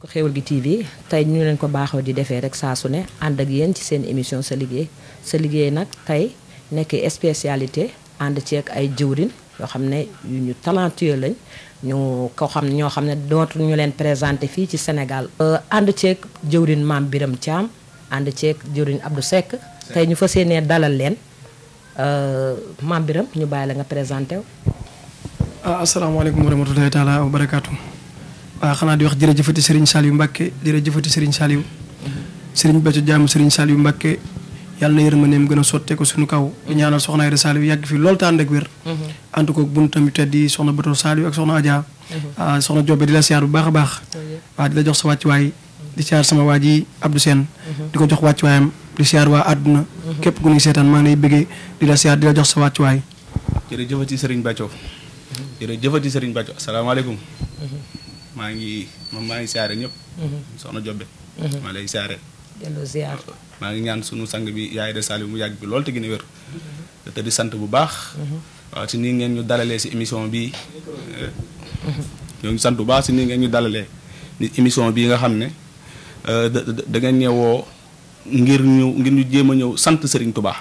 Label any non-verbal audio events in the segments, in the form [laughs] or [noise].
ko xéwal gi TV tey ñu leen ko baaxoo di defee rek saa su ne ànd ak yéen ci seen émission sa liggéey sa liggéey nag tey nekk spécialité ànd ceeg ay jëwrin yoo xam ne yu ñu talentueux lañ ñu ko xam ñoo xam ne dootu ñu leen présenté fii ci Sénégal euh, ànd ceeg jëwrin Maam Biram Thiam ànd ceeg jëwrin Abdou Seck tey ñu fa yéenee dalal leen euh, Maam Biram ñu bàyyi la nga présenté wu. Ah, asalaamaaleykum wa wa ah, xana di wax jeufati Serigne Saliou Mbacke jeufati Serigne Saliou Serigne Bethio jam Serigne Saliou Mbacke yalla na yërmandeem gën a ko suñu kaw ñaanal soxna Aida Saliou yag fi lol tànn ak wér en mhm. ko cas buñu tammi teddi soxna Bethio Saliou ak soxna Adja mhm. ah, soxna Jobbe di la siar bu baax a baax oh, wa di la jox sa way di siar sama waji Abdou sen mhm. di jox jox wayam di siar wa aduna kep gu ñuy setan ma ngi lay bëggee di la siar di la jox sa jere jeufati Serigne jere jeufati Serigne assalamu alaykum maa ngi maa ngi siyaare ñëpp. Mm-hmm. soxna Jobe. Mm-hmm. maa lay siyaare. maa ngi ñaan sunu sang bi yaay de Saliou yàgg bi lool te gën a wér. Mm-hmm. te di sant bu baax. waaw si nii ngeen ñu dalalee si émission bii. ñoo ngi sant bu baax si nii ngeen ñu dalalee ni émission bii nga xam ne euh, da da ngeen ñëwoo ngir ñu ngir ñu jéem a ñëw sant Serigne Touba.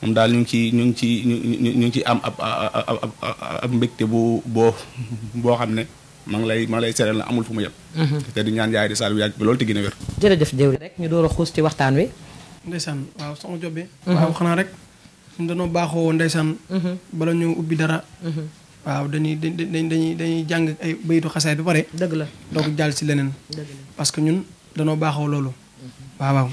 moom daal ñu ngi ciy ñu ngi ciy ñu ngi ciy am ab ab ab mbégte bu boo boo xam ne. ma ngi lay ma lay sereel amul fu mu yem mhm. te di ñaan yaay di saal yàgg ba loolu te gën a wér jërëjëf jëw rek ñu door a xuus ci waxtaan wi ndeysaan waaw soxna jobbe mhm. waaw xanaa rek ñun dañoo baaxoo ndeysaan mhm. bala ñu ubbi dara waaw dañuy dañuy dañuy dañuy jàng ay bayitu xasaay ba pare dëgg la donc jàll si leneen parce que ñun dañoo baaxoo loolu waaw waaw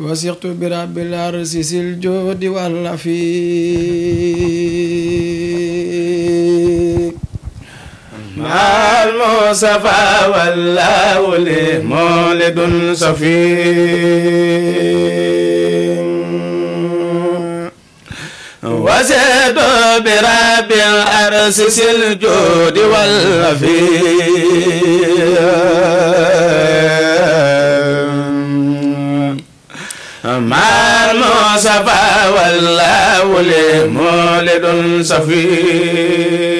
wasiqtu bi rabbil arsi sil joodi walla المصطفى والله له مولد صفي وزاد برب الأرسس الجود واللفي مع المصطفى والله له مولد صفي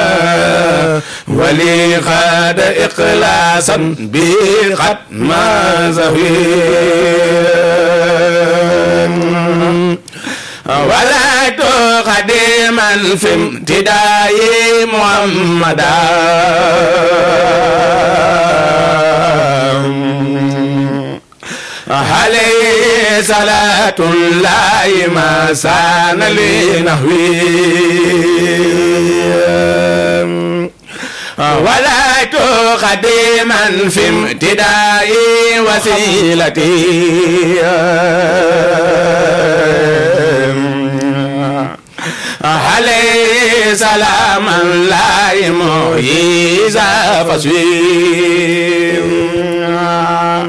ولي قد إخلاصا بقد ما زهير ولا تقدما في امتداء محمدا عليه صلاة الله ما سان لنهويه آه. ولا تقدما في امتدائي وسيلتي عليه سلاما لا يميز فسيم آه.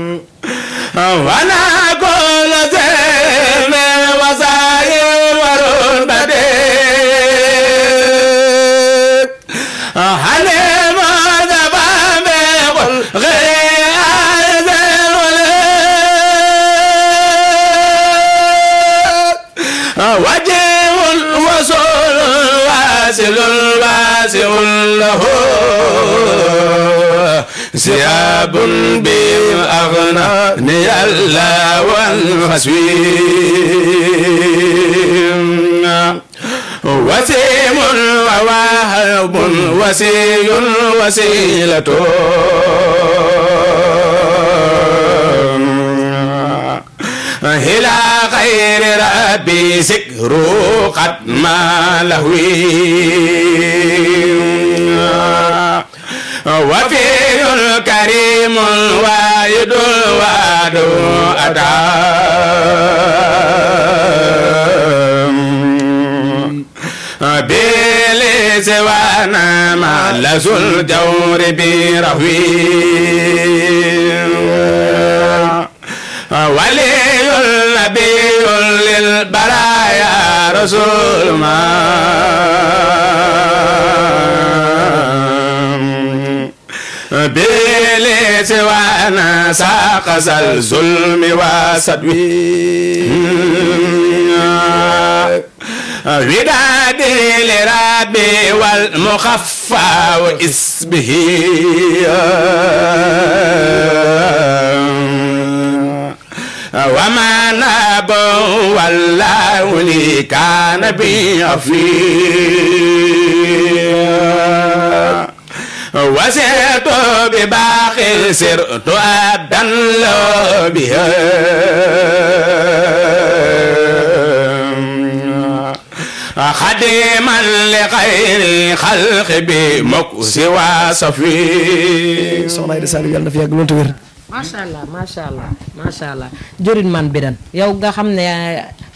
وانا وجه وصول واسل واسع له سياب بالأغنى نيلا والخسويم وسيم وواهب وسي وسيلة هلا خير رأي بذكر قد ما لهوي وفي الكريم الوايد الواد أدعى بلسوانا ما لسو الجور برهوي ولي النبي ظلما بليت وانا ساقز الظلم وسدوي ودادي لربي والمخفى واسمه والله لي كان بي أفير بباخر سرت بها خديما لغير بمكس وصفي صلى الله عليه وسلم يالنا فيها قلون macha allah macha allah macha allah jëriñ man biran yow nga xam ne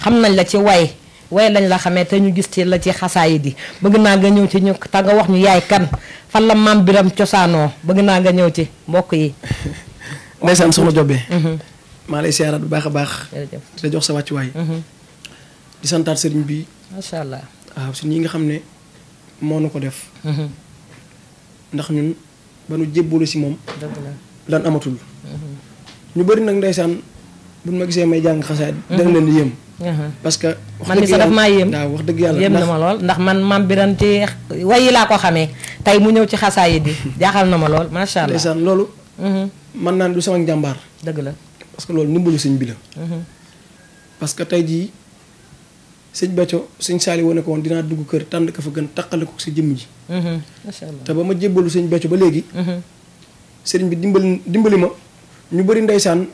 xam nañ la ci way way lañ la xamee te ñu gis ci la ci xasaayit yi bëgg naa nga ñëw ci ñu te nga wax ñu yaay kan fan la man biram cosaanoo bëgg naa nga ñëw ci mbokk yi. [laughs] ndeysaan soxna Jobe. Mhm. maa lay siyaaraat bu baax a baax. di jox sa wàccuwaay. Mhm. di santaat sëriñ bi. macha allah waaw si ñi nga xam ne moo nu ko def. Mhm. ndax ñun ba nu jébbalu si moom. lan amatul. ñu bëri nag ndeysaan buñ ma gisee may jang xasaay mhm. dañ leen di yëm mhm. parce que man ni sa daf maa yëm waaw wax deug yalla yëm na ma lool ndax man mam biran ci wayi la ko xamee tay mu ñew ci xasaay di [laughs] jaxal na ma lool sha allah ndeysaan loolu mhm. man nan du sama jambar deug la parce que loolu nimbulu sëñ bi la parce que tay ji sëñ Béthio sëñ sali woné ko won dina dugg kër tand ka fa gën taqale ko si jëmm ji sha allah ta bama jébalu jébbalu sëñ ba légui hmm sëriñ bi dimbali dimbali ma ñu bëri ndeysaan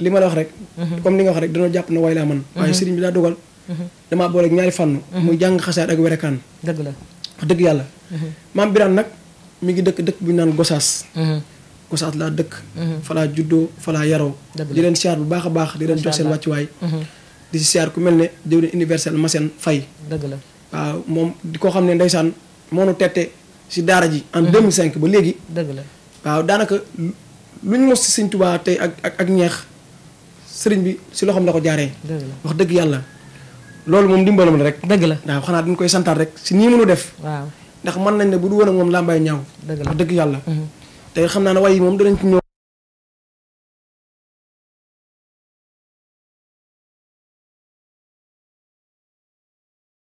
li ma a wax rek. Mhm. comme li nga wax rek dañoo jàpp na way laa man mhm. waaye sëriñ bi daa dogal. Mhm. damaa boole ak ñaari fànn. muy jàng xasaar ak werekaan. dëgg la wax dëgg yàlla. maam Birane nag mi ngi dëkk dëkk bu ñu naan Gosaas. Gosaas laa dëkk. fa laa juddoo fa laa yaroo. di leen siyaar bu baax a baax di leen jox seen wàccuwaay. di si siyaar ku mel ne jëwriñ universel Massène Faye. dëgg la waaw moom di koo xam ne ndeysaan moo nu tette si daara ji. en 2005 ba léegi. dëgg la waaw daanaka lu ñu mos si sëñ Tuubaa tey ak ak ak ñeex sëriñ bi si loxoom la ko jaaree. wax dëgg yàlla loolu moom dimbalam la rek. dëgg la waaw xanaa dañ koy santaat rek si nii mënu def. ndax mën nañ ne bu du woon ak moom làmbaay ñaaw. dëgg la wax dëgg yàlla. Mhm. te xam naa ne waaye moom danañ ci ñëw.